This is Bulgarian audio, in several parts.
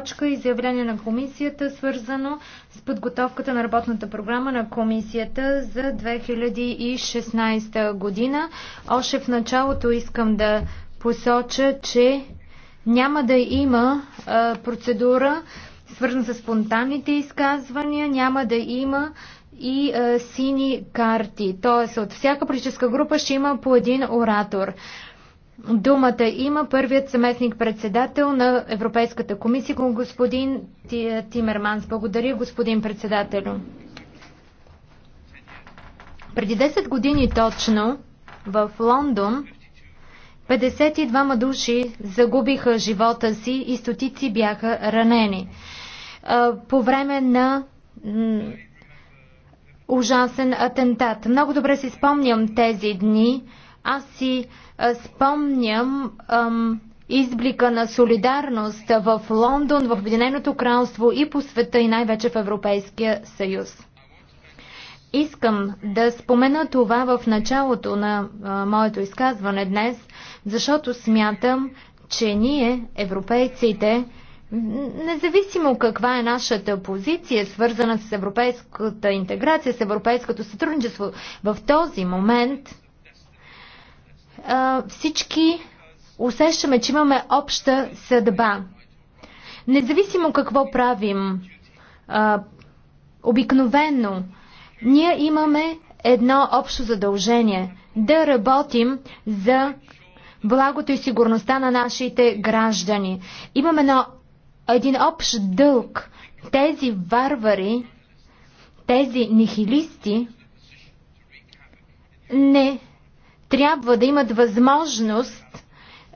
точка изявление на комисията, свързано с подготовката на работната програма на комисията за 2016 година. Още в началото искам да посоча, че няма да има а, процедура свързана с спонтанните изказвания, няма да има и а, сини карти. Тоест от всяка политическа група ще има по един оратор. Думата има първият съместник председател на Европейската комисия, господин Тимерманс. Благодаря, господин председателю. Преди 10 години точно в Лондон 52 души загубиха живота си и стотици бяха ранени. По време на ужасен атентат. Много добре си спомням тези дни. Аз си е, спомням изблика на солидарност в Лондон, в Обединеното кралство и по света и най-вече в Европейския съюз. Искам да спомена това в началото на а, моето изказване днес, защото смятам, че ние, европейците, независимо каква е нашата позиция, свързана с европейската интеграция, с европейското сътрудничество, в този момент всички усещаме, че имаме обща съдба. Независимо какво правим, обикновено, ние имаме едно общо задължение да работим за благото и сигурността на нашите граждани. Имаме едно, един общ дълг. Тези варвари, тези нихилисти не трябва да имат възможност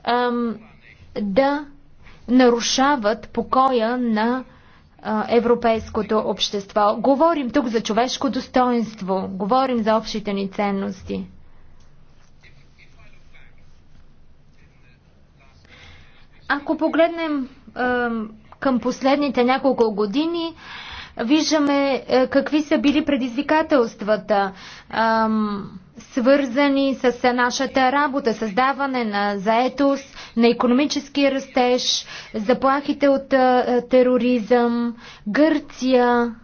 ам, да нарушават покоя на а, европейското общество. Говорим тук за човешко достоинство, говорим за общите ни ценности. Ако погледнем ам, към последните няколко години, виждаме а, е, какви са били предизвикателствата. Ам, свързани с нашата работа, създаване на заетост, на економически растеж, заплахите от тероризъм, Гърция.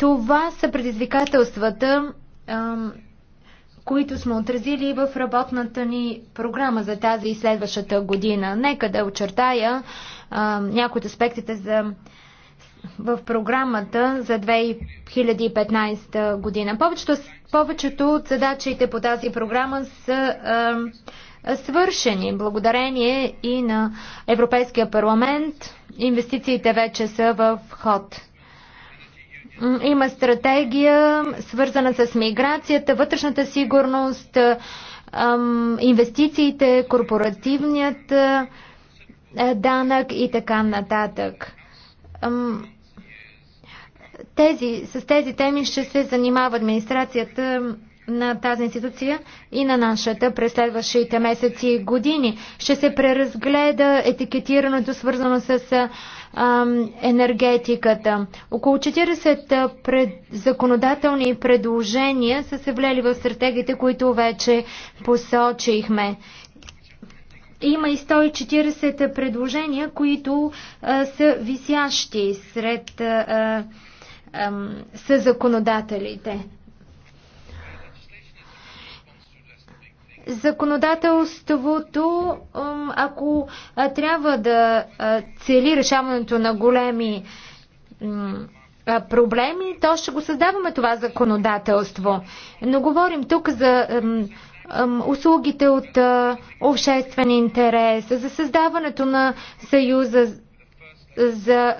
Това са предизвикателствата, които сме отразили в работната ни програма за тази и следващата година. Нека да очертая някои от аспектите за в програмата за 2015 година. Повечето, повечето от задачите по тази програма са е, свършени благодарение и на Европейския парламент. Инвестициите вече са в ход. Има стратегия, свързана с миграцията, вътрешната сигурност, инвестициите, корпоративният данък и така нататък. Тези, с тези теми ще се занимава администрацията на тази институция и на нашата през следващите месеци и години. Ще се преразгледа етикетирането, свързано с енергетиката. Около 40 пред... законодателни предложения са се влели в стратегиите, които вече посочихме. Има и 140 предложения, които а, са висящи сред. а са законодателите. Законодателството, ако трябва да цели решаването на големи проблеми, то ще го създаваме това законодателство. Но говорим тук за услугите от обществен интерес, за създаването на съюза за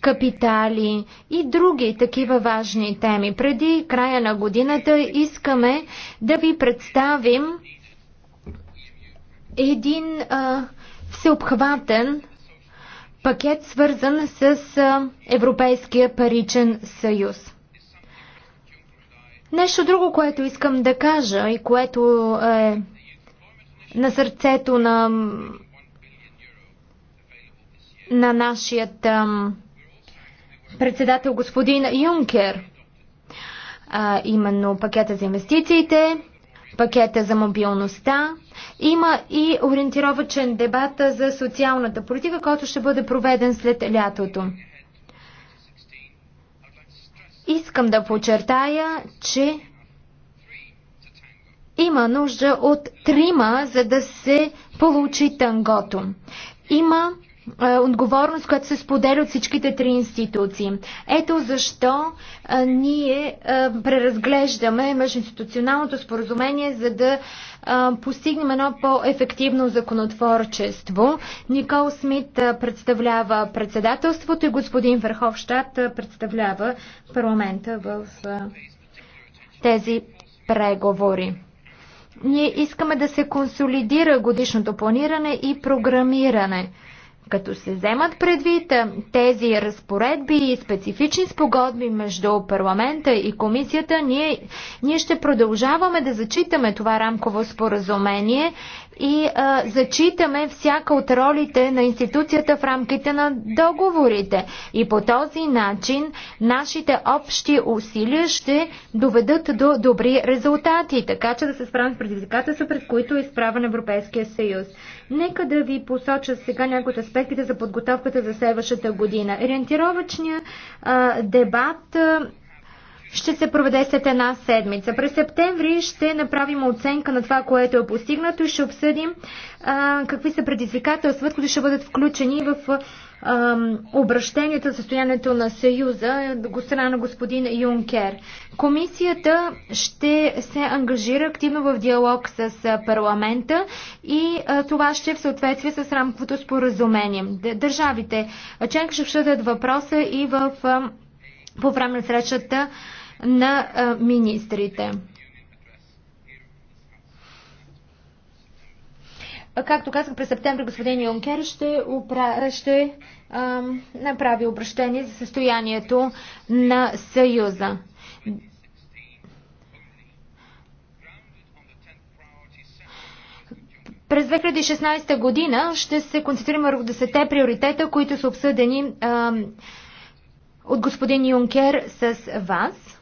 капитали и други такива важни теми. Преди края на годината искаме да ви представим един а, всеобхватен пакет, свързан с а, Европейския паричен съюз. Нещо друго, което искам да кажа и което е на сърцето на, на нашият. А, председател господин Юнкер. А, именно пакета за инвестициите, пакета за мобилността. Има и ориентировачен дебат за социалната политика, който ще бъде проведен след лятото. Искам да подчертая, че има нужда от трима, за да се получи тангото. Има е, отговорност, която се споделя от всичките три институции. Ето защо а, е, ние а, е, преразглеждаме междуинституционалното споразумение, за да а, постигнем едно по-ефективно законотворчество. Никол Смит представлява председателството и господин Верховщад представлява парламента в тези преговори. Ние искаме да се консолидира годишното планиране и програмиране. Като се вземат предвид тези разпоредби и специфични спогодби между парламента и комисията, ние, ние ще продължаваме да зачитаме това рамково споразумение и а, зачитаме всяка от ролите на институцията в рамките на договорите. И по този начин нашите общи усилия ще доведат до добри резултати, така че да се справим с предизвикателства, пред които е изправен Европейския съюз. Нека да ви посоча сега някои от аспектите за подготовката за следващата година. Ориентировъчният дебат ще се проведе след една седмица. През септември ще направим оценка на това, което е постигнато и ще обсъдим а, какви са предизвикателствата, които ще бъдат включени в обращението за състоянието на Съюза го страна на господин Юнкер. Комисията ще се ангажира активно в диалог с парламента и това ще е в съответствие с рамковото споразумение. Държавите членки ще обсъдят въпроса и в, по време на срещата на министрите. Както казах, през септември господин Юнкер ще, упра... ще ам, направи обращение за състоянието на Съюза. През 2016 година ще се концентрираме върху 10 приоритета, които са обсъдени ам, от господин Юнкер с вас.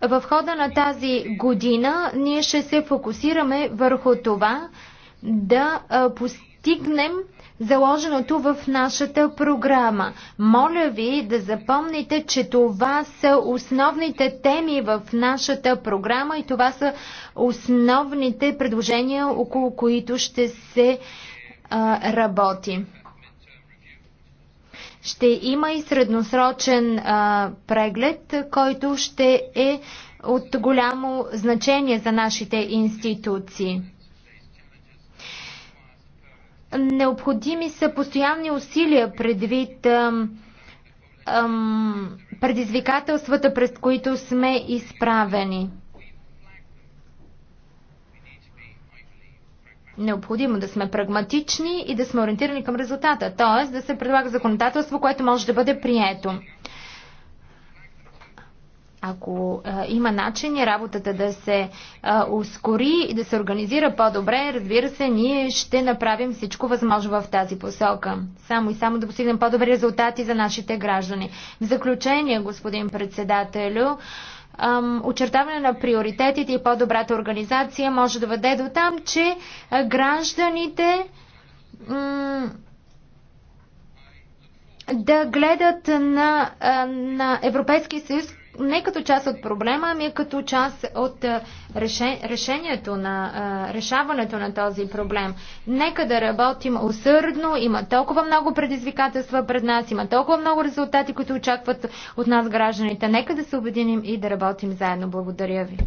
В хода на тази година ние ще се фокусираме върху това да постигнем заложеното в нашата програма. Моля ви да запомните, че това са основните теми в нашата програма и това са основните предложения, около които ще се работи. Ще има и средносрочен а, преглед, който ще е от голямо значение за нашите институции. Необходими са постоянни усилия предвид ам, ам, предизвикателствата, през които сме изправени. Необходимо да сме прагматични и да сме ориентирани към резултата, т.е. да се предлага законодателство, което може да бъде прието. Ако а, е, има и работата да се а, е, ускори и да се организира по-добре, разбира се, ние ще направим всичко възможно в тази посока. Само и само да постигнем по-добри резултати за нашите граждани. В заключение, господин председателю, очертаване на приоритетите и по-добрата организация може да въде до там, че гражданите да гледат на, на Европейския съюз не като част от проблема, ами като част от решението на, решаването на този проблем. Нека да работим усърдно, има толкова много предизвикателства пред нас, има толкова много резултати, които очакват от нас гражданите. Нека да се обединим и да работим заедно. Благодаря ви.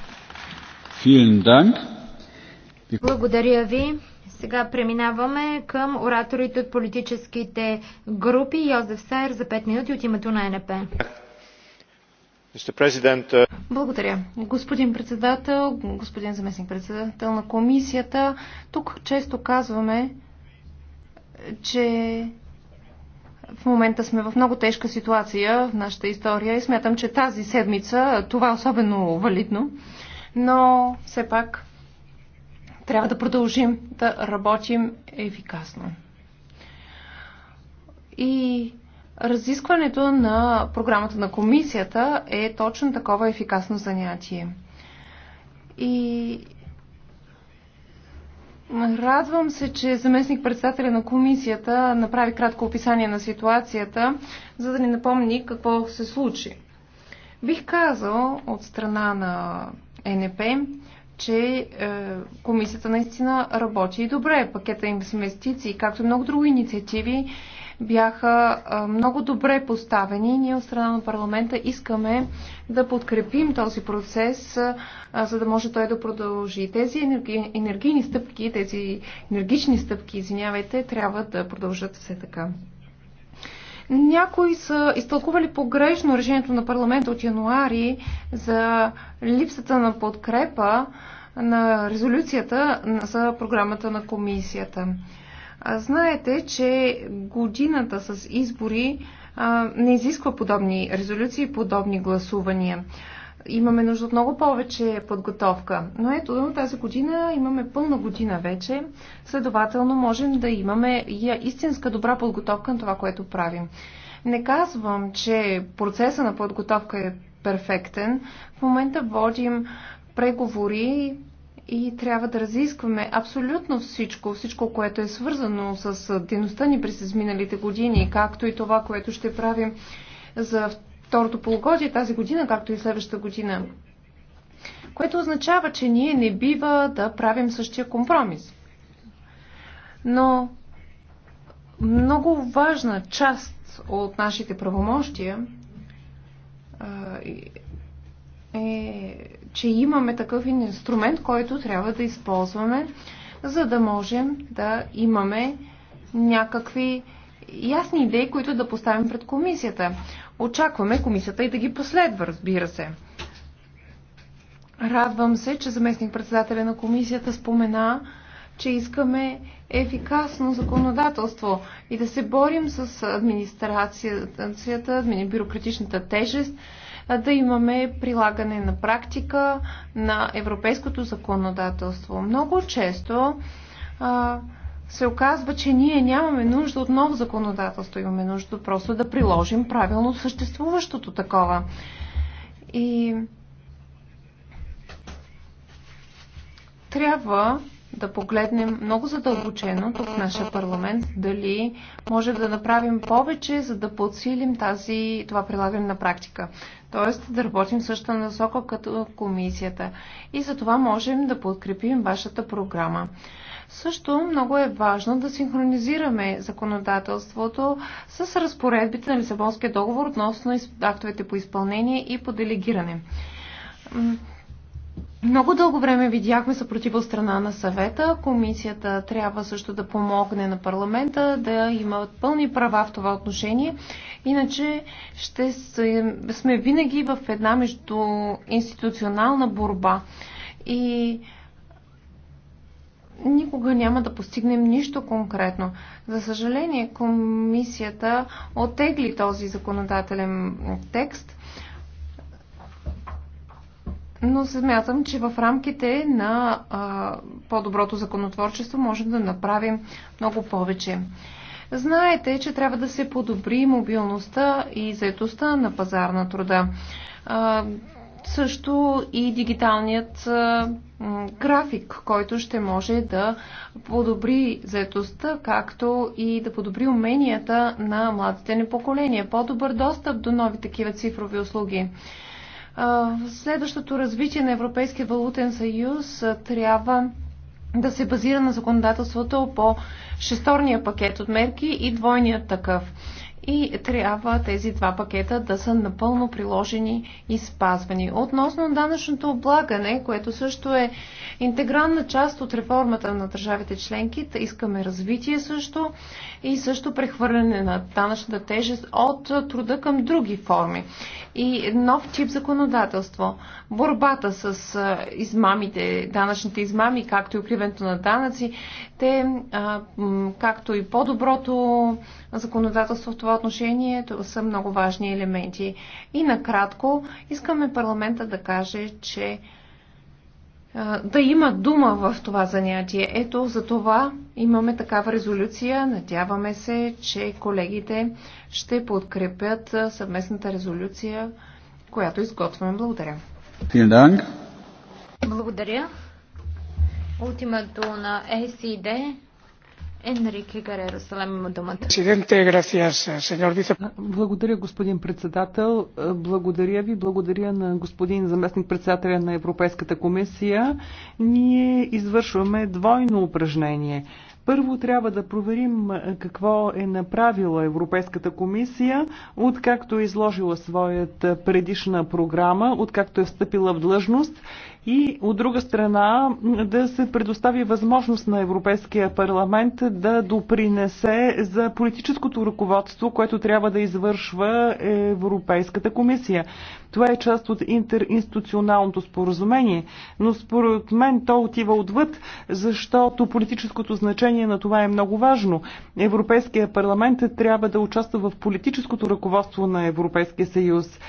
Благодаря ви. Сега преминаваме към ораторите от политическите групи. Йозеф Сайер за 5 минути от името на НП. Uh, Благодаря. Господин председател, господин заместник председател на комисията, тук често казваме, че в момента сме в много тежка ситуация в нашата история и смятам, че тази седмица това е особено валидно, но все пак трябва да продължим да работим ефикасно. И Разискването на програмата на комисията е точно такова ефикасно занятие. И Радвам се, че заместник председателя на комисията направи кратко описание на ситуацията, за да ни напомни какво се случи. Бих казал от страна на НП, че е, комисията наистина работи и добре. Пакета им инвестиции, както и много други инициативи, бяха много добре поставени. Ние от страна на парламента искаме да подкрепим този процес, за да може той да продължи. Тези енергийни стъпки, тези енергични стъпки, извинявайте, трябва да продължат все така. Някои са изтълкували погрешно решението на парламента от януари за липсата на подкрепа на резолюцията за програмата на комисията. Знаете, че годината с избори не изисква подобни резолюции, подобни гласувания. Имаме нужда от много повече подготовка. Но ето, тази година имаме пълна година вече. Следователно, можем да имаме истинска добра подготовка на това, което правим. Не казвам, че процеса на подготовка е перфектен. В момента водим преговори и трябва да разискваме абсолютно всичко, всичко, което е свързано с дейността ни през изминалите години, както и това, което ще правим за второто полугодие тази година, както и следващата година. Което означава, че ние не бива да правим същия компромис. Но много важна част от нашите правомощия е, че имаме такъв инструмент, който трябва да използваме, за да можем да имаме някакви ясни идеи, които да поставим пред комисията. Очакваме комисията и да ги последва, разбира се. Радвам се, че заместник председателя на комисията спомена, че искаме ефикасно законодателство и да се борим с администрацията, бюрократичната тежест, да имаме прилагане на практика на европейското законодателство. Много често се оказва, че ние нямаме нужда от ново законодателство, имаме нужда просто да приложим правилно съществуващото такова. И трябва да погледнем много задълбочено тук в нашия парламент дали може да направим повече, за да подсилим тази, това прилагане на практика. Тоест да работим в същата насока като комисията. И за това можем да подкрепим вашата програма. Също много е важно да синхронизираме законодателството с разпоредбите на Лисабонския договор относно актовете по изпълнение и по делегиране. Много дълго време видяхме съпротива от страна на съвета. Комисията трябва също да помогне на парламента да има пълни права в това отношение. Иначе ще сме винаги в една между институционална борба. И никога няма да постигнем нищо конкретно. За съжаление, комисията отегли този законодателен текст – но смятам, че в рамките на по-доброто законотворчество можем да направим много повече. Знаете, че трябва да се подобри мобилността и заетостта на пазар на труда. А, също и дигиталният а, график, който ще може да подобри заетостта, както и да подобри уменията на младите ни поколения. По-добър достъп до нови такива цифрови услуги. Следващото развитие на Европейския валутен съюз трябва да се базира на законодателството по шесторния пакет от мерки и двойният такъв и трябва тези два пакета да са напълно приложени и спазвани. Относно данъчното облагане, което също е интегрална част от реформата на държавите членки, искаме развитие също и също прехвърляне на данъчната тежест от труда към други форми. И нов тип законодателство. Борбата с измамите, данъчните измами, както и укриването на данъци, те, както и по-доброто законодателство в това отношение са много важни елементи. И накратко искаме парламента да каже, че да има дума в това занятие. Ето за това имаме такава резолюция. Надяваме се, че колегите ще подкрепят съвместната резолюция, която изготвяме. Благодаря. Благодаря. От името на ЕСИД Енрике Гареро, Салем думата. Благодаря, господин председател. Благодаря ви. Благодаря на господин заместник председателя на Европейската комисия. Ние извършваме двойно упражнение. Първо трябва да проверим какво е направила Европейската комисия, откакто е изложила своята предишна програма, откакто е встъпила в длъжност и от друга страна да се предостави възможност на Европейския парламент да допринесе за политическото ръководство, което трябва да извършва Европейската комисия. Това е част от интеринституционалното споразумение, но според мен то отива отвъд, защото политическото значение на това е много важно. Европейския парламент трябва да участва в политическото ръководство на Европейския съюз.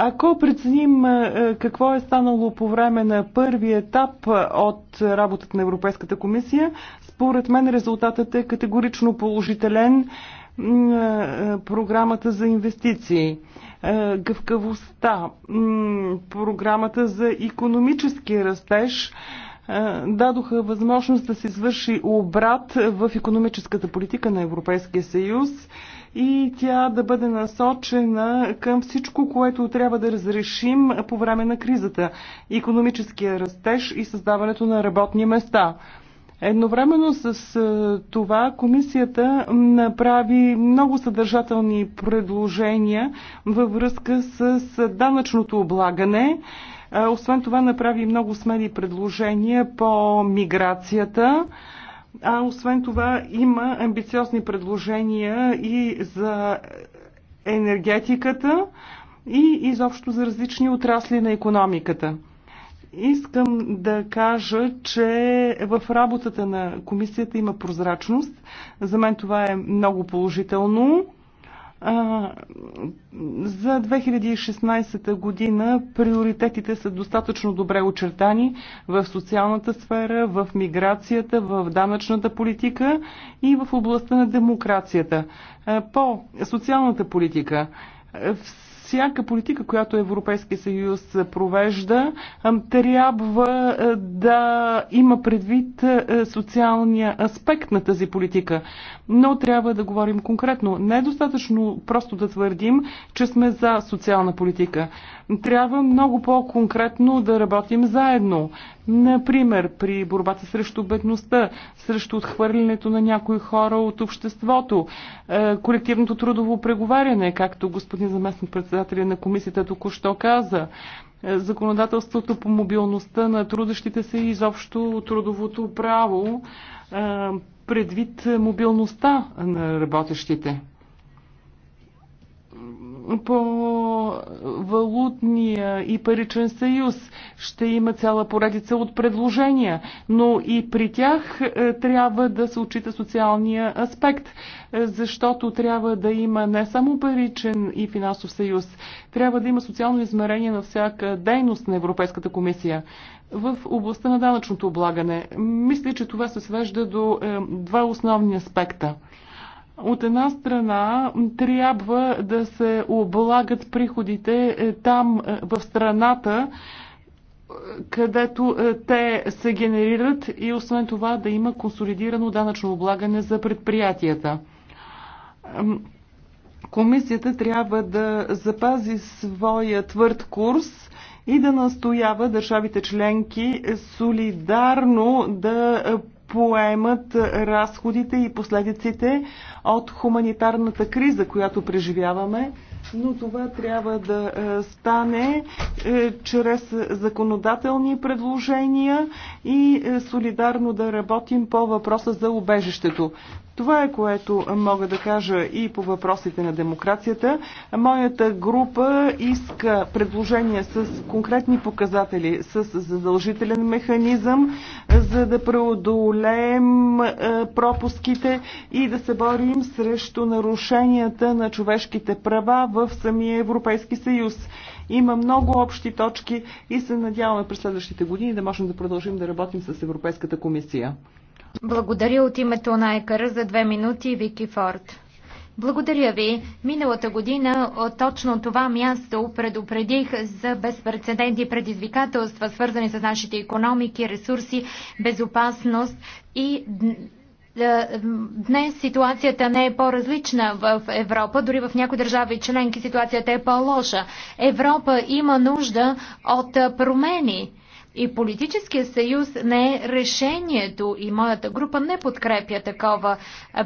Ако преценим е, е, какво е станало по време на първи етап е, от работата на Европейската комисия, според мен резултатът е категорично положителен. Програмата за инвестиции, гъвкавостта, програмата за економически растеж, дадоха възможност да се извърши обрат в економическата политика на Европейския съюз и тя да бъде насочена към всичко, което трябва да разрешим по време на кризата – економическия растеж и създаването на работни места. Едновременно с е, това комисията направи много съдържателни предложения във връзка с данъчното облагане. Е, освен това направи много смели предложения по миграцията. А освен това има амбициозни предложения и за енергетиката и изобщо за различни отрасли на економиката. Искам да кажа, че в работата на комисията има прозрачност. За мен това е много положително. За 2016 година приоритетите са достатъчно добре очертани в социалната сфера, в миграцията, в данъчната политика и в областта на демокрацията. По социалната политика всяка политика, която Европейския съюз провежда, трябва е, да има предвид е, социалния аспект на тази политика. Но трябва да говорим конкретно. Не е достатъчно просто да твърдим, че сме за социална политика. Трябва много по-конкретно да работим заедно. Например, при борбата срещу бедността, срещу отхвърлянето на някои хора от обществото, е, колективното трудово преговаряне, както господин заместник председател председателя на комисията току-що каза. Е, законодателството по мобилността на трудещите се и изобщо трудовото право е, предвид мобилността на работещите по валутния и паричен съюз ще има цяла поредица от предложения, но и при тях е, трябва да се отчита социалния аспект, е, защото трябва да има не само паричен и финансов съюз, трябва да има социално измерение на всяка дейност на Европейската комисия. В областта на данъчното облагане, мисля, че това се свежда до е, два основни аспекта – от една страна трябва да се облагат приходите е, там е, в страната, е, където те се генерират и освен това да има консолидирано данъчно облагане за предприятията. Комисията трябва да запази своя твърд курс и да настоява държавите членки солидарно да поемат разходите и последиците от хуманитарната криза, която преживяваме, но това трябва да е, стане е, чрез законодателни предложения и е, солидарно да работим по въпроса за убежището. Това е което мога да кажа и по въпросите на демокрацията. Моята група иска предложения с конкретни показатели, с задължителен механизъм, за да преодолеем е, пропуските и да се борим срещу нарушенията на човешките права в самия Европейски съюз. Има много общи точки и се надяваме през следващите години да можем да продължим да работим с Европейската комисия. Благодаря от името на ЕКАРА за две минути, Вики Форд. Благодаря ви. Миналата година от точно това място предупредих за безпредседенти предизвикателства, свързани с нашите економики, ресурси, безопасност и е, Днес ситуацията не е по-различна в Европа, дори в някои държави членки ситуацията е по-лоша. Европа има нужда от промени и политическия съюз не е решението и моята група не подкрепя такова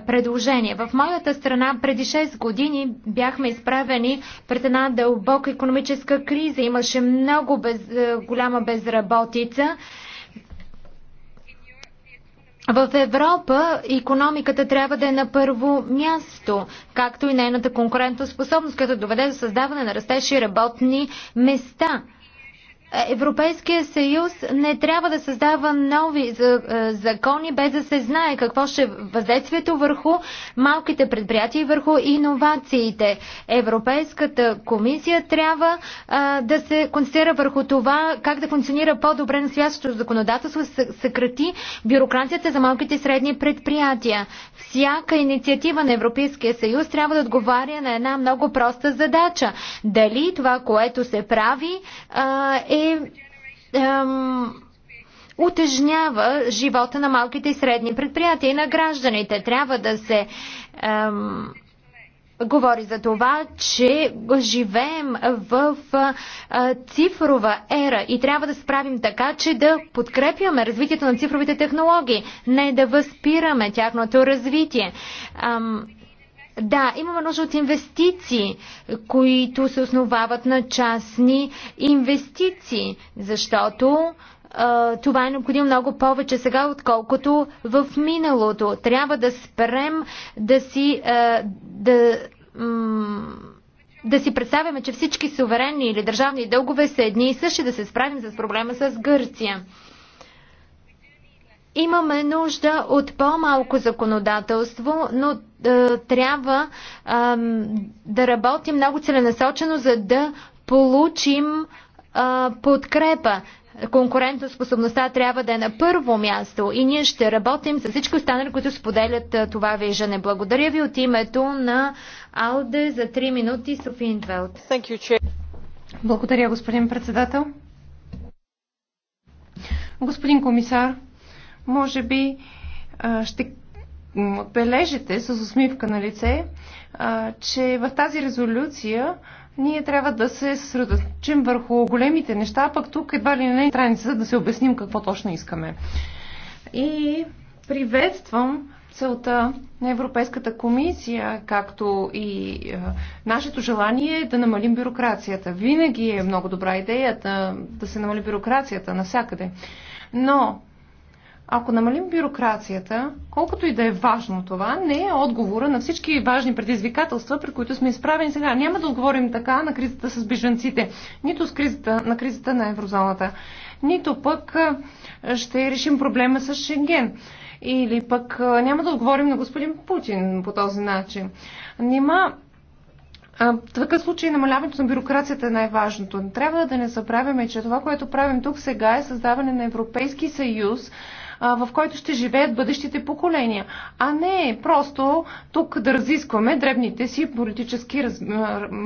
предложение. В моята страна преди 6 години бяхме изправени пред една дълбока економическа криза. Имаше много без, голяма безработица. В Европа економиката трябва да е на първо място, както и нейната конкурентоспособност, като доведе до създаване на растещи работни места. Европейския съюз не трябва да създава нови е, закони, без да се знае какво ще въздействието върху малките предприятия и върху иновациите. Европейската комисия трябва е, да се концентрира върху това как да функционира по-добре на свящото законодателство, съкрати бюрокрацията за малките и средни предприятия. Всяка инициатива на Европейския съюз трябва да отговаря на една много проста задача. Дали това, което се прави, е ем, утежнява живота на малките и средни предприятия и на гражданите. Трябва да се ем, говори за това, че живеем в а, цифрова ера и трябва да справим така, че да подкрепяме развитието на цифровите технологии, не да възпираме тяхното развитие. Ем, да, имаме нужда от инвестиции, които се основават на частни инвестиции, защото а, това е необходимо много повече сега, отколкото в миналото. Трябва да спрем да си. А, да, да си представяме, че всички суверенни или държавни дългове са едни и същи, да се справим с проблема с Гърция. Имаме нужда от по-малко законодателство, но е, трябва да работим много целенасочено, за да получим подкрепа. Конкурентоспособността трябва да е на първо място и ние ще работим с всички останали, които споделят това виждане. Благодаря ви от името на Алде за 3 минути Софи Индвелт. Благодаря, господин председател. Господин комисар, може би ще отбележите с усмивка на лице, а, че в тази резолюция ние трябва да се съсредоточим върху големите неща, пък тук едва ли не е страница да се обясним какво точно искаме. И приветствам целта на Европейската комисия, както и е, нашето желание е да намалим бюрокрацията. Винаги е много добра идея да, да се намали бюрокрацията навсякъде. Но ако намалим бюрокрацията, колкото и да е важно това, не е отговора на всички важни предизвикателства, при които сме изправени сега. Няма да отговорим така на кризата с беженците, нито с кризата, на кризата на еврозоната, нито пък ще решим проблема с Шенген. Или пък няма да отговорим на господин Путин по този начин. Нима в такъв случай намаляването на бюрокрацията е най-важното. Трябва да не забравяме, че това, което правим тук сега е създаване на Европейски съюз, в който ще живеят бъдещите поколения, а не просто тук да разискваме дребните си политически раз,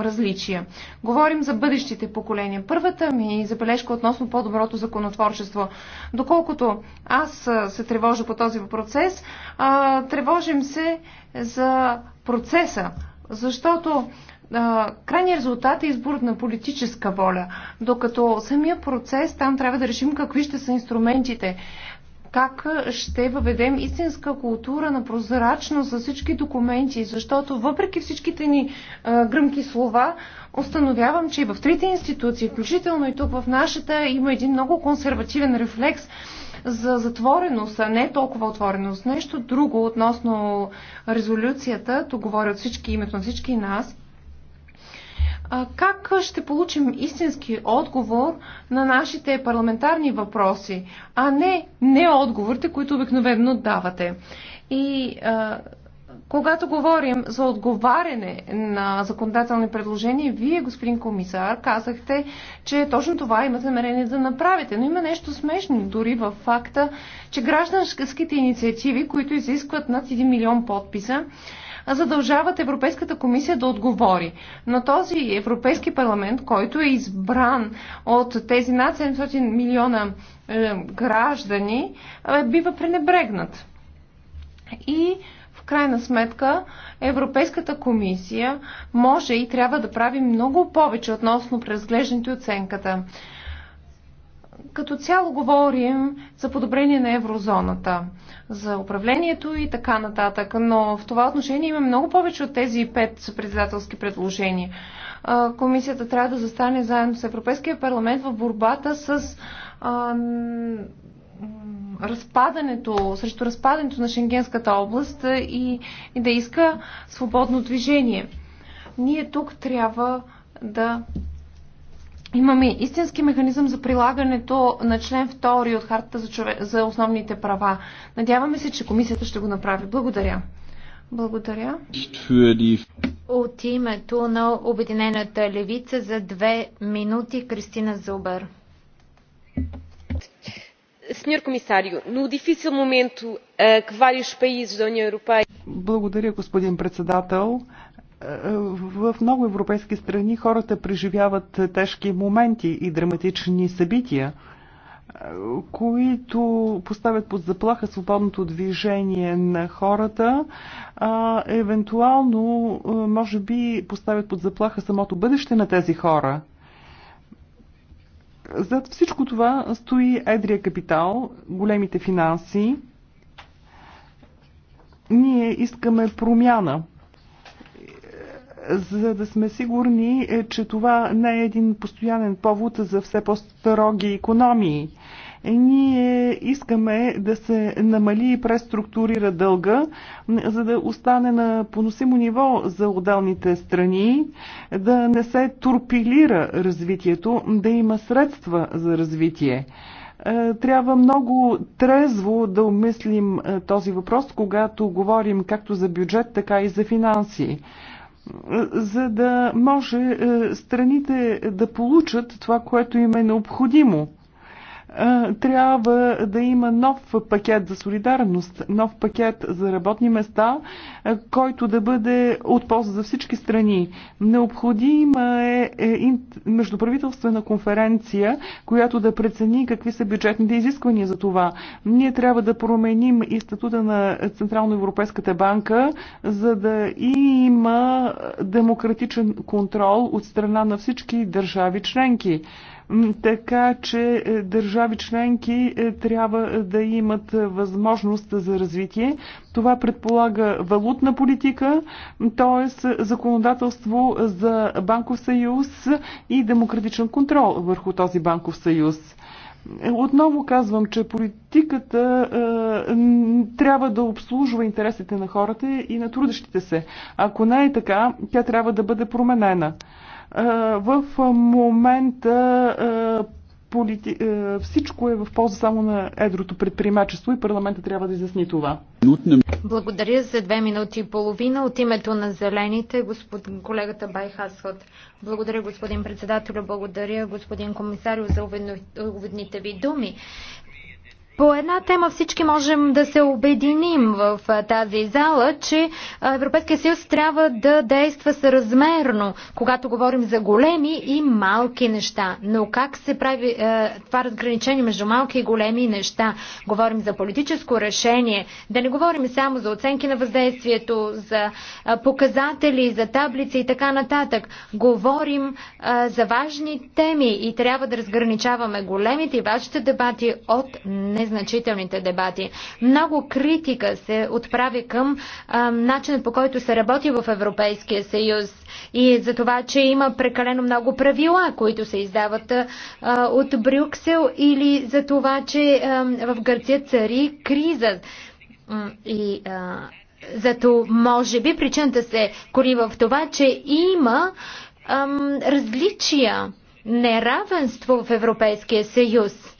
различия. Говорим за бъдещите поколения. Първата ми забележка относно по-доброто законотворчество. Доколкото аз се тревожа по този процес, тревожим се за процеса, защото крайният резултат е избор на политическа воля, докато самия процес там трябва да решим какви ще са инструментите как ще въведем истинска култура на прозрачност за всички документи, защото въпреки всичките ни а, е, гръмки слова, установявам, че и в трите институции, включително и тук в нашата, има един много консервативен рефлекс за затвореност, а не толкова отвореност. Нещо друго относно резолюцията, то говорят всички, името на всички нас – как ще получим истински отговор на нашите парламентарни въпроси, а не не отговорите, които обикновено давате. И а, когато говорим за отговаряне на законодателни предложения, вие, господин комисар, казахте, че точно това имате намерение да направите. Но има нещо смешно дори в факта, че гражданските инициативи, които изискват над 1 милион подписа, задължават Европейската комисия да отговори. Но този Европейски парламент, който е избран от тези над 700 милиона е, граждани, е, бива пренебрегнат. И в крайна сметка Европейската комисия може и трябва да прави много повече относно преразглеждането и оценката като цяло говорим за подобрение на еврозоната, за управлението и така нататък, но в това отношение има много повече от тези пет председателски предложения. Комисията трябва да застане заедно с Европейския парламент в борбата с а, разпадането, срещу разпадането на Шенгенската област и, и да иска свободно движение. Ние тук трябва да имаме истински механизъм за прилагането на член 2 от Хартата за, чове... за основните права. Надяваме се, че комисията ще го направи. Благодаря. Благодаря. От името на Обединената левица за две минути Кристина Зубър. Сеньор комисарио, но difícil момент uh, que vários países Европа. Благодаря, господин председател. В много европейски страни хората преживяват тежки моменти и драматични събития, които поставят под заплаха свободното движение на хората, а евентуално, може би, поставят под заплаха самото бъдеще на тези хора. Зад всичко това стои едрия капитал, големите финанси. Ние искаме промяна – за да сме сигурни, е, че това не е един постоянен повод за все по-строги економии. Ние искаме да се намали и преструктурира дълга, за да остане на поносимо ниво за отделните страни, да не се турпилира развитието, да има средства за развитие е, трябва много трезво да умислим е, този въпрос, когато говорим както за бюджет, така и за финанси за да може е, страните да получат това, което им е необходимо. Е, трябва да има нов пакет за солидарност, нов пакет за работни места, е, който да бъде от полза за всички страни. Необходима е, е междуправителствена конференция, която да прецени какви са бюджетните изисквания за това. Ние трябва да променим и статута на Централно-Европейската банка, за да има демократичен контрол от страна на всички държави членки така че е, държави членки е, трябва е, да имат възможност за развитие. Това предполага валутна политика, т.е. законодателство за банков съюз и демократичен контрол върху този банков съюз. Отново казвам, че политиката е, трябва да обслужва интересите на хората и на трудещите се. Ако не е така, тя трябва да бъде променена. В момента полити... всичко е в полза само на едрото предприемачество и парламента трябва да изясни това. Благодаря за две минути и половина. От името на зелените, господ... колегата Байхасхот. Благодаря, господин председател, благодаря, господин комисарио, за уведните ви думи. По една тема всички можем да се обединим в тази зала, че Европейския съюз трябва да действа съразмерно, когато говорим за големи и малки неща. Но как се прави е, това разграничение между малки и големи неща? Говорим за политическо решение, да не говорим само за оценки на въздействието, за показатели, за таблици и така нататък. Говорим е, за важни теми и трябва да разграничаваме големите и важните дебати от не най-значителните дебати. Много критика се отправи към а, начинът по който се работи в Европейския съюз и за това, че има прекалено много правила, които се издават а, от Брюксел или за това, че а, в Гърция цари криза. И а, зато може би причината се кори в това, че има ам, различия, неравенство в Европейския съюз.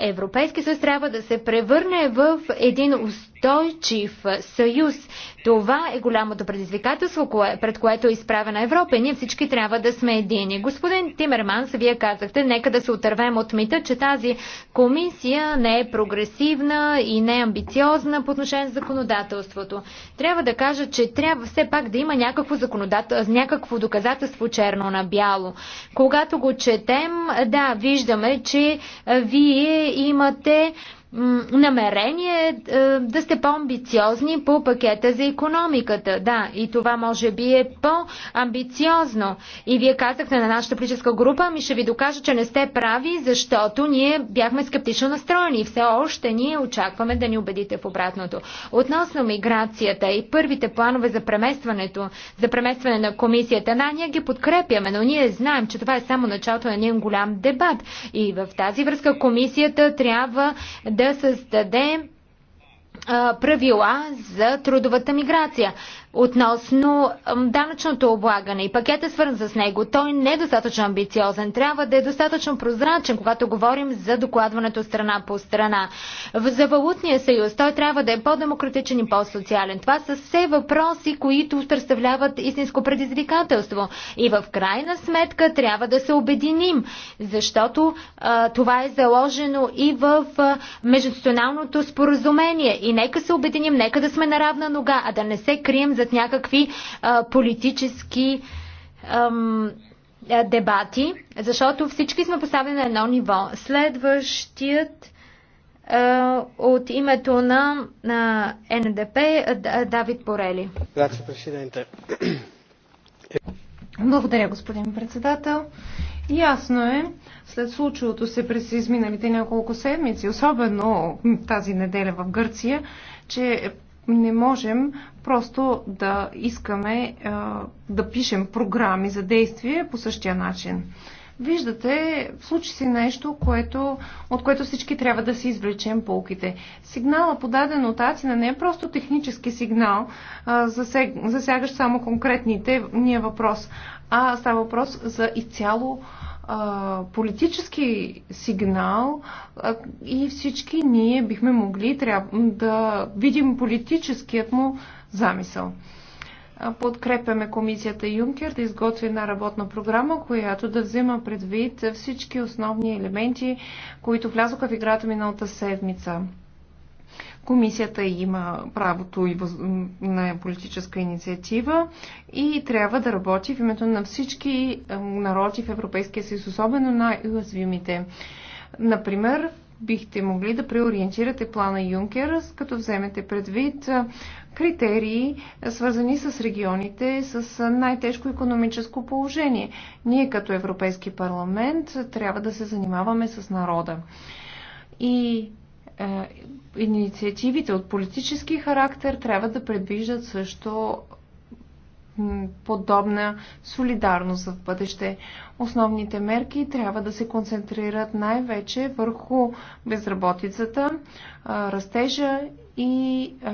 Европейския съюз трябва да се превърне в един устойчив устойчив съюз. Това е голямото предизвикателство, пред което е изправена Европа. И ние всички трябва да сме едини. Господин Тимерманс, вие казахте, нека да се отървем от мита, че тази комисия не е прогресивна и не е амбициозна по отношение на законодателството. Трябва да кажа, че трябва все пак да има някакво, законодател... някакво доказателство черно на бяло. Когато го четем, да, виждаме, че вие имате намерение е, да сте по-амбициозни по пакета за економиката. Да, и това може би е по-амбициозно. И вие казахте на нашата политическа група, ми ще ви докажа, че не сте прави, защото ние бяхме скептично настроени и все още ние очакваме да ни убедите в обратното. Относно миграцията и първите планове за преместването, за преместване на комисията, на ние ги подкрепяме, но ние знаем, че това е само началото на един голям дебат. И в тази връзка комисията трябва да да създаде правила за трудовата миграция. Относно данъчното облагане и пакета свързан с него, той не е достатъчно амбициозен. Трябва да е достатъчно прозрачен, когато говорим за докладването страна по страна. За валутния съюз той трябва да е по-демократичен и по-социален. Това са все въпроси, които представляват истинско предизвикателство. И в крайна сметка трябва да се обединим, защото а, това е заложено и в а, междунационалното споразумение. И нека се обединим, нека да сме на равна нога, а да не се крием за зад някакви а, политически ам, дебати, защото всички сме поставени на едно ниво. Следващият а, от името на, на НДП Давид Порели. Благодаря, господин председател. Ясно е, след случилото се през изминалите няколко седмици, особено тази неделя в Гърция, че не можем просто да искаме да пишем програми за действие по същия начин. Виждате, случи се нещо, което, от което всички трябва да си извлечем полките. Сигнала, подаден от Ацина, не е просто технически сигнал, засягащ само конкретните ния въпрос, а става въпрос за изцяло политически сигнал и всички ние бихме могли да видим политическият му замисъл. Подкрепяме комисията Юнкер да изготви една работна програма, която да взема предвид всички основни елементи, които влязоха в играта миналата седмица. Комисията има правото и въз... на политическа инициатива и трябва да работи в името на всички е, народи в Европейския съюз, особено най-уязвимите. Например, бихте могли да преориентирате плана Юнкер, като вземете предвид е, критерии, е, свързани с регионите с най-тежко економическо положение. Ние като Европейски парламент трябва да се занимаваме с народа. И е, инициативите от политически характер трябва да предвиждат също подобна солидарност в бъдеще. Основните мерки трябва да се концентрират най-вече върху безработицата, е, растежа и е,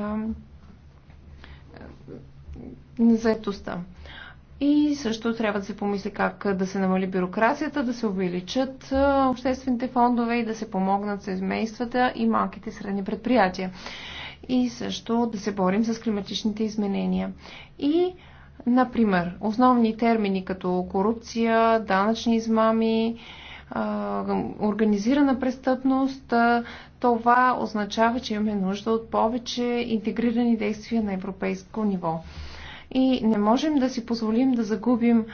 заетостта. И също трябва да се помисли как да се намали бюрокрацията, да се увеличат обществените фондове и да се помогнат семействата и малките средни предприятия. И също да се борим с климатичните изменения. И, например, основни термини като корупция, данъчни измами, организирана престъпност, това означава, че имаме нужда от повече интегрирани действия на европейско ниво и не можем да си позволим да загубим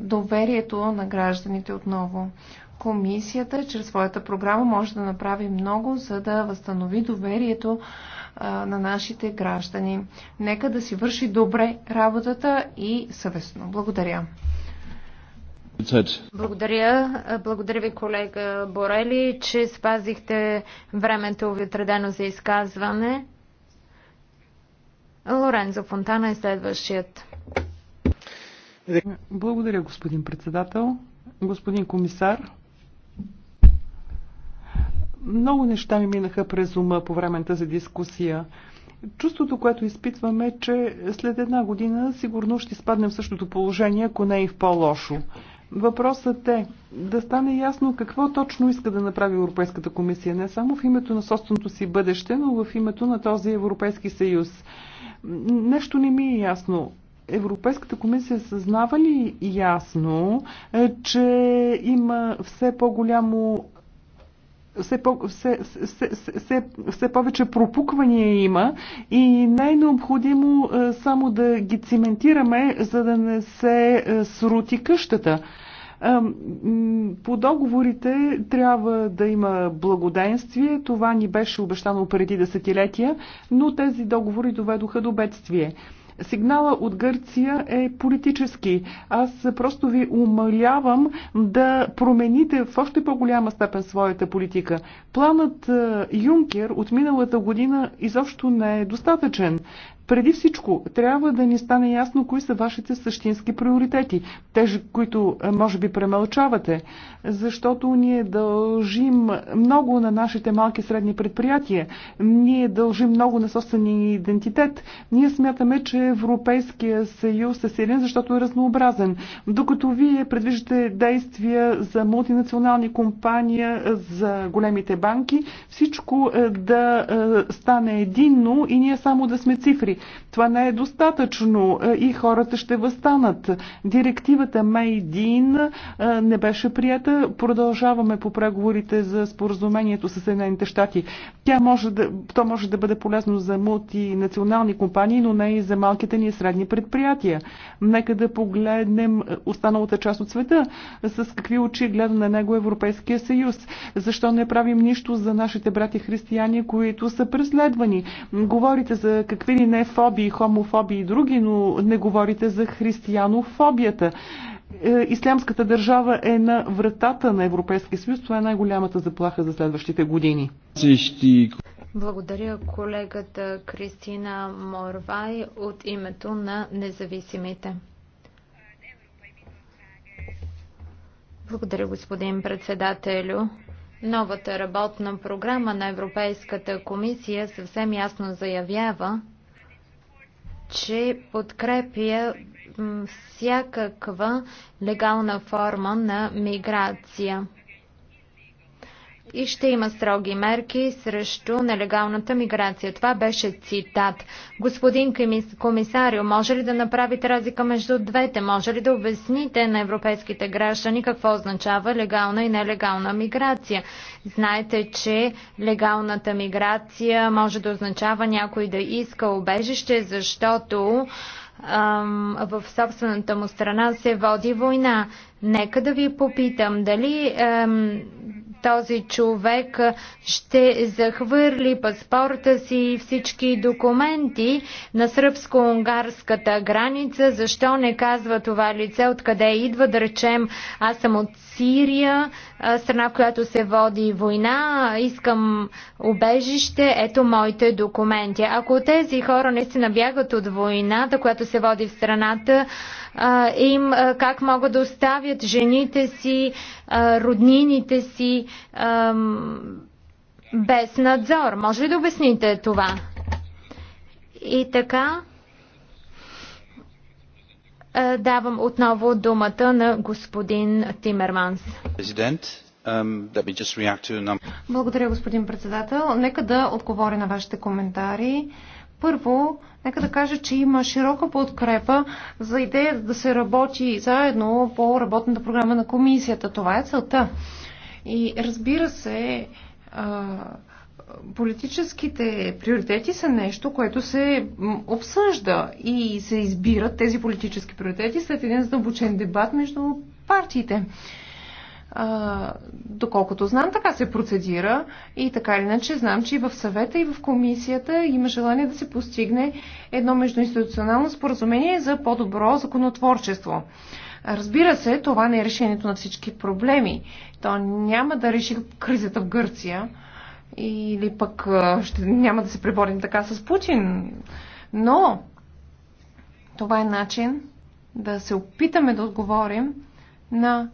доверието на гражданите отново. Комисията чрез своята програма може да направи много, за да възстанови доверието а, на нашите граждани. Нека да си върши добре работата и съвестно. Благодаря. Благодаря. Благодаря ви, колега Борели, че спазихте времето ви отредено за изказване. Лорензо Фонтана е следващият. Благодаря, господин председател. Господин комисар, много неща ми минаха през ума по време на тази дискусия. Чувството, което изпитваме, е, че след една година сигурно ще спаднем в същото положение, ако не и в по-лошо. Въпросът е да стане ясно какво точно иска да направи Европейската комисия, не само в името на собственото си бъдеще, но в името на този Европейски съюз. Нещо не ми е ясно. Европейската комисия съзнава ли ясно, е, че има все по-голямо все, по, все, все, все, все повече пропуквания има и не е необходимо е, само да ги циментираме, за да не се е, срути къщата. По договорите трябва да има благоденствие. Това ни беше обещано преди десетилетия, но тези договори доведоха до бедствие. Сигнала от Гърция е политически. Аз просто ви умалявам да промените в още по-голяма степен своята политика. Планът Юнкер от миналата година изобщо не е достатъчен. Преди всичко, трябва да ни стане ясно кои са вашите същински приоритети, те, които е, може би премълчавате, защото ние дължим много на нашите малки и средни предприятия, ние дължим много на собствения идентитет. Ние смятаме, че Европейския съюз е силен, защото е разнообразен. Докато вие предвиждате действия за мултинационални компании, за големите банки, всичко е, да е, стане единно и ние само да сме цифри кадри. Това не е достатъчно е, и хората ще възстанат. Директивата Мейдин не беше прията. Продължаваме по преговорите за споразумението с Съединените щати. Тя може да, то може да бъде полезно за мултинационални компании, но не и за малките ни средни предприятия. Нека да погледнем е, останалата част от света. С какви очи гледа на него Европейския съюз? Защо не правим нищо за нашите брати християни, които са преследвани? Говорите за какви ли не Фобии, хомофобии и други, но не говорите за християнофобията. Е, Ислямската държава е на вратата на Европейския съюз. Това е най-голямата заплаха за следващите години. Благодаря колегата Кристина Морвай от името на независимите. Благодаря, господин председателю. Новата работна програма на Европейската комисия съвсем ясно заявява, че подкрепя всякаква легална форма на миграция и ще има строги мерки срещу нелегалната миграция. Това беше цитат. Господин комисарио, може ли да направите разлика между двете? Може ли да обясните на европейските граждани какво означава легална и нелегална миграция? Знаете, че легалната миграция може да означава някой да иска убежище, защото в собствената му страна се води война. Нека да ви попитам дали този човек ще захвърли паспорта си и всички документи на сръбско-унгарската граница. Защо не казва това лице, откъде идва, да речем, аз съм от Сирия, страна, в която се води война, искам убежище, ето моите документи. Ако тези хора наистина бягат от войната, която се води в страната, им как могат да оставят жените си, роднините си без надзор. Може ли да обясните това? И така, е, давам отново думата на господин Тимерманс. Благодаря, господин председател. Нека да отговоря на вашите коментари. Първо, нека да кажа, че има широка подкрепа за идеята да се работи заедно по работната програма на комисията. Това е целта. И разбира се, политическите приоритети са нещо, което се обсъжда и се избират тези политически приоритети след един задълбочен дебат между партиите. А, доколкото знам, така се процедира и така или иначе знам, че и в съвета, и в комисията има желание да се постигне едно междуинституционално споразумение за по-добро законотворчество. Разбира се, това не е решението на всички проблеми. То няма да реши кризата в Гърция или пък ще, няма да се преборим така с Путин. Но това е начин да се опитаме да отговорим на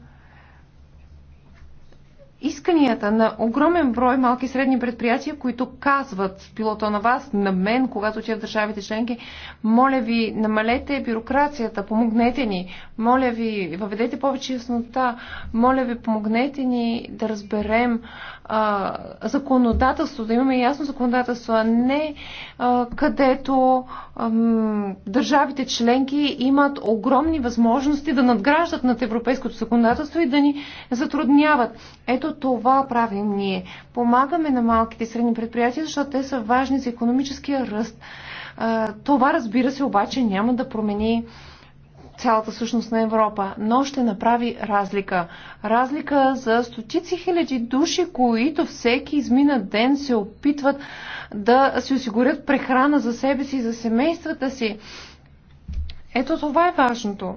исканията на огромен брой малки и средни предприятия, които казват, пилота на вас, на мен, когато е в държавите членки, моля ви, намалете бюрокрацията, помогнете ни, моля ви, въведете повече яснота, моля ви, помогнете ни да разберем а, законодателство, да имаме ясно законодателство, а не а, където а, държавите членки имат огромни възможности да надграждат над европейското законодателство и да ни затрудняват. Ето ето това правим ние. Помагаме на малките и средни предприятия, защото те са важни за економическия ръст. Това, разбира се, обаче няма да промени цялата същност на Европа, но ще направи разлика. Разлика за стотици хиляди души, които всеки измина ден се опитват да си осигурят прехрана за себе си и за семействата си. Ето това е важното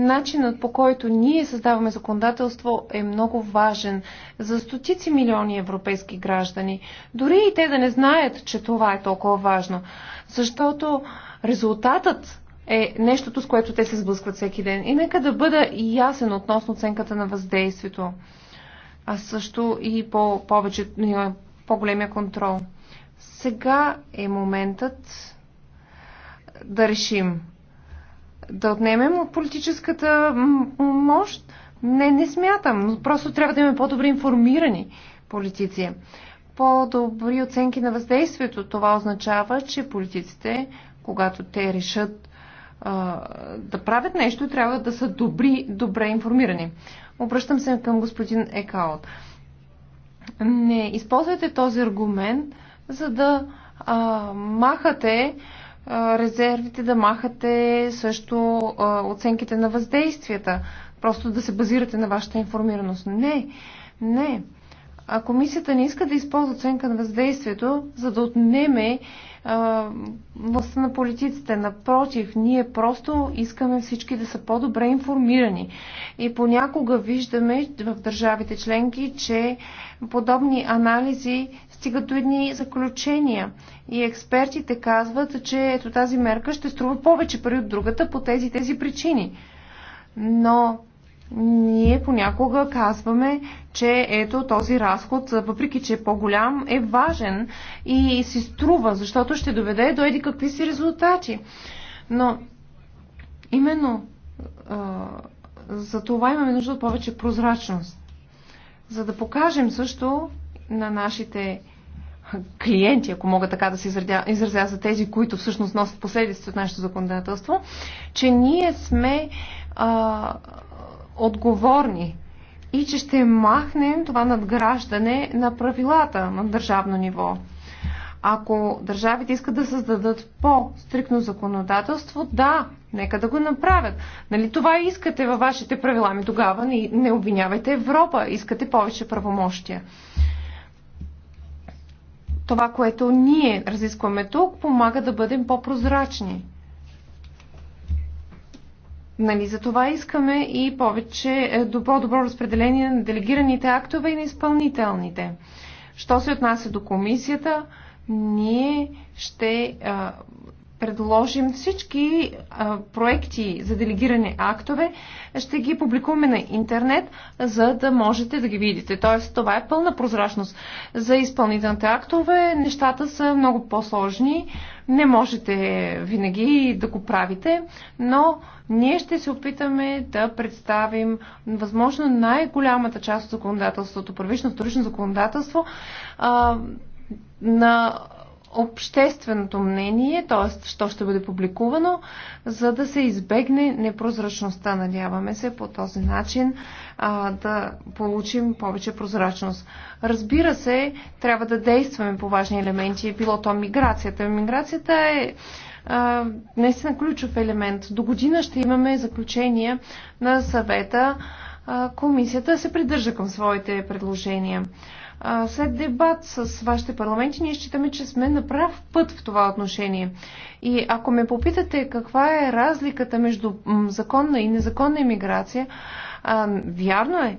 начинът по който ние създаваме законодателство е много важен за стотици милиони европейски граждани. Дори и те да не знаят, че това е толкова важно, защото резултатът е нещото, с което те се сблъскват всеки ден. И нека да бъда и ясен относно оценката на въздействието, а също и по повече, по-големия контрол. Сега е моментът да решим да отнемем от политическата мощ? Не, не смятам. Просто трябва да имаме по добри информирани политици. По-добри оценки на въздействието. Това означава, че политиците, когато те решат а, да правят нещо, трябва да са добри, добре информирани. Обръщам се към господин Екаут. Не използвайте този аргумент, за да а, махате резервите, да махате също оценките на въздействията, просто да се базирате на вашата информираност. Не, не. А комисията не иска да използва оценка на въздействието, за да отнеме властта на политиците. Напротив, ние просто искаме всички да са по-добре информирани. И понякога виждаме в държавите членки, че подобни анализи стигат до едни заключения. И експертите казват, че ето тази мерка ще струва повече пари от другата по тези тези причини. Но ние понякога казваме, че ето този разход, въпреки че е по-голям, е важен и си струва, защото ще доведе до еди какви си резултати. Но именно а, за това имаме нужда от повече прозрачност. За да покажем също на нашите клиенти, ако мога така да се изразя, изразя за тези, които всъщност носят последиците от нашето законодателство, че ние сме а, отговорни и че ще махнем това надграждане на правилата на държавно ниво. Ако държавите искат да създадат по-стрикно законодателство, да, нека да го направят. Нали това искате във вашите правила? Ми тогава не, не обвинявайте Европа. Искате повече правомощия. Това, което ние разискваме тук, помага да бъдем по-прозрачни. Нали, за това искаме и повече е, до по-добро разпределение на делегираните актове и на изпълнителните. Що се отнася до комисията, ние ще а, е, предложим всички а, проекти за делегирани актове, ще ги публикуваме на интернет, за да можете да ги видите. Тоест, това е пълна прозрачност. За изпълнителните актове нещата са много по-сложни. Не можете винаги да го правите, но ние ще се опитаме да представим възможно най-голямата част от законодателството, първично, вторично законодателство, а, на общественото мнение, т.е. що ще бъде публикувано, за да се избегне непрозрачността. Надяваме се по този начин а, да получим повече прозрачност. Разбира се, трябва да действаме по важни елементи, било то миграцията. Миграцията е а, наистина ключов елемент. До година ще имаме заключения на съвета. А, комисията се придържа към своите предложения след дебат с вашите парламенти, ние считаме, че сме на прав път в това отношение. И ако ме попитате каква е разликата между законна и незаконна иммиграция, вярно е,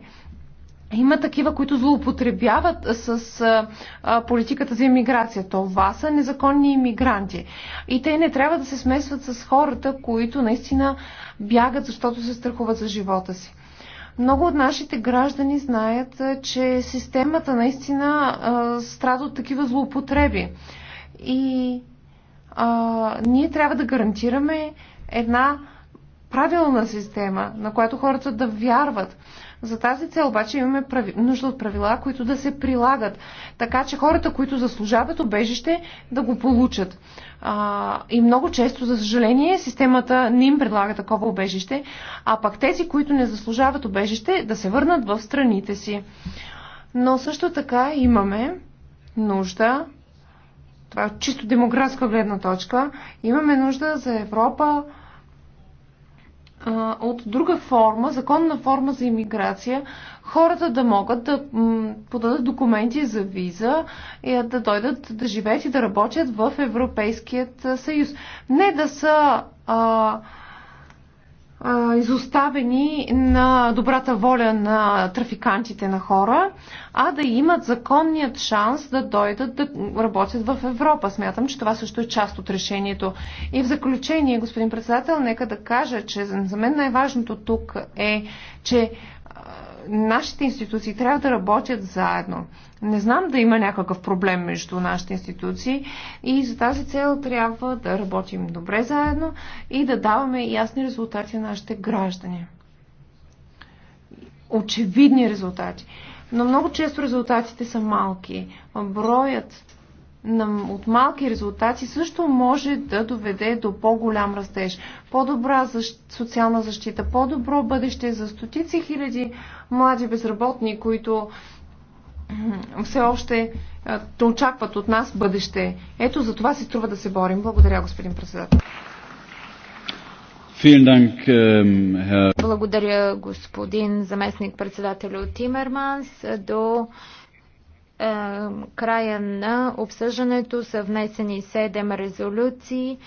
има такива, които злоупотребяват с а, а, политиката за иммиграция. Това са незаконни иммигранти. И те не трябва да се смесват с хората, които наистина бягат, защото се страхуват за живота си. Много от нашите граждани знаят, че системата наистина а, страда от такива злоупотреби. И а, ние трябва да гарантираме една правилна система, на която хората да вярват. За тази цел обаче имаме прави... нужда от правила, които да се прилагат, така че хората, които заслужават обежище, да го получат. А, и много често, за съжаление, системата не им предлага такова обежище, а пък тези, които не заслужават обежище, да се върнат в страните си. Но също така имаме нужда това е чисто демографска гледна точка, имаме нужда за Европа, от друга форма, законна форма за иммиграция, хората да могат да подадат документи за виза и да дойдат да живеят и да работят в Европейският съюз. Не да са а, изоставени на добрата воля на трафикантите на хора, а да имат законният шанс да дойдат да работят в Европа. Смятам, че това също е част от решението. И в заключение, господин председател, нека да кажа, че за мен най-важното тук е, че нашите институции трябва да работят заедно. Не знам да има някакъв проблем между нашите институции и за тази цел трябва да работим добре заедно и да даваме ясни резултати на нашите граждани. Очевидни резултати. Но много често резултатите са малки. Броят от малки резултати също може да доведе до по-голям растеж, по-добра социална защита, по-добро бъдеще за стотици хиляди млади безработни, които все още е, очакват от нас бъдеще. Ето за това си струва да се борим. Благодаря, господин председател. Ähm, Благодаря, господин заместник председател от Тимерманс. До е, края на обсъждането са внесени 7 резолюции.